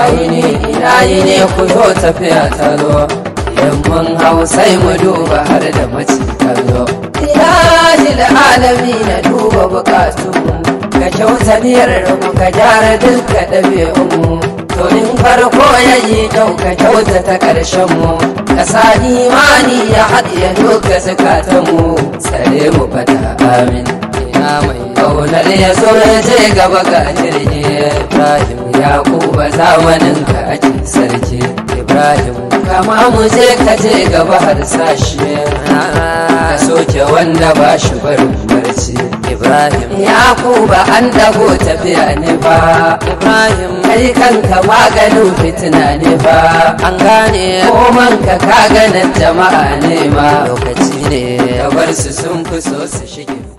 aini ina yi ne ku zo tafiya talo in mun hau sai mu duba har da mace kallo ilahi da alami na duba buƙatu. ka kyauta mu ka gyara duka ɗabi'unmu domin farko ya yi kyau ka kyauta ta ƙarshen mu ka sa imani ya haɗiye duka zukatanmu tsare mu fata amin ina mai ƙaunar ya so ya je gaba ga jirgi Ibrahim Yakuba zamanin ka ake sarki Ibrahim kama mu je ka je gaba har sashe ka soke wanda ba shi barin barci Ibrahim Yakuba an dago tafiya ne ba Ibrahim kai kanka maganin fitina ne ba an gane koman ka ka ganin jama'a ne ma lokaci ne ka su sun fi so su shige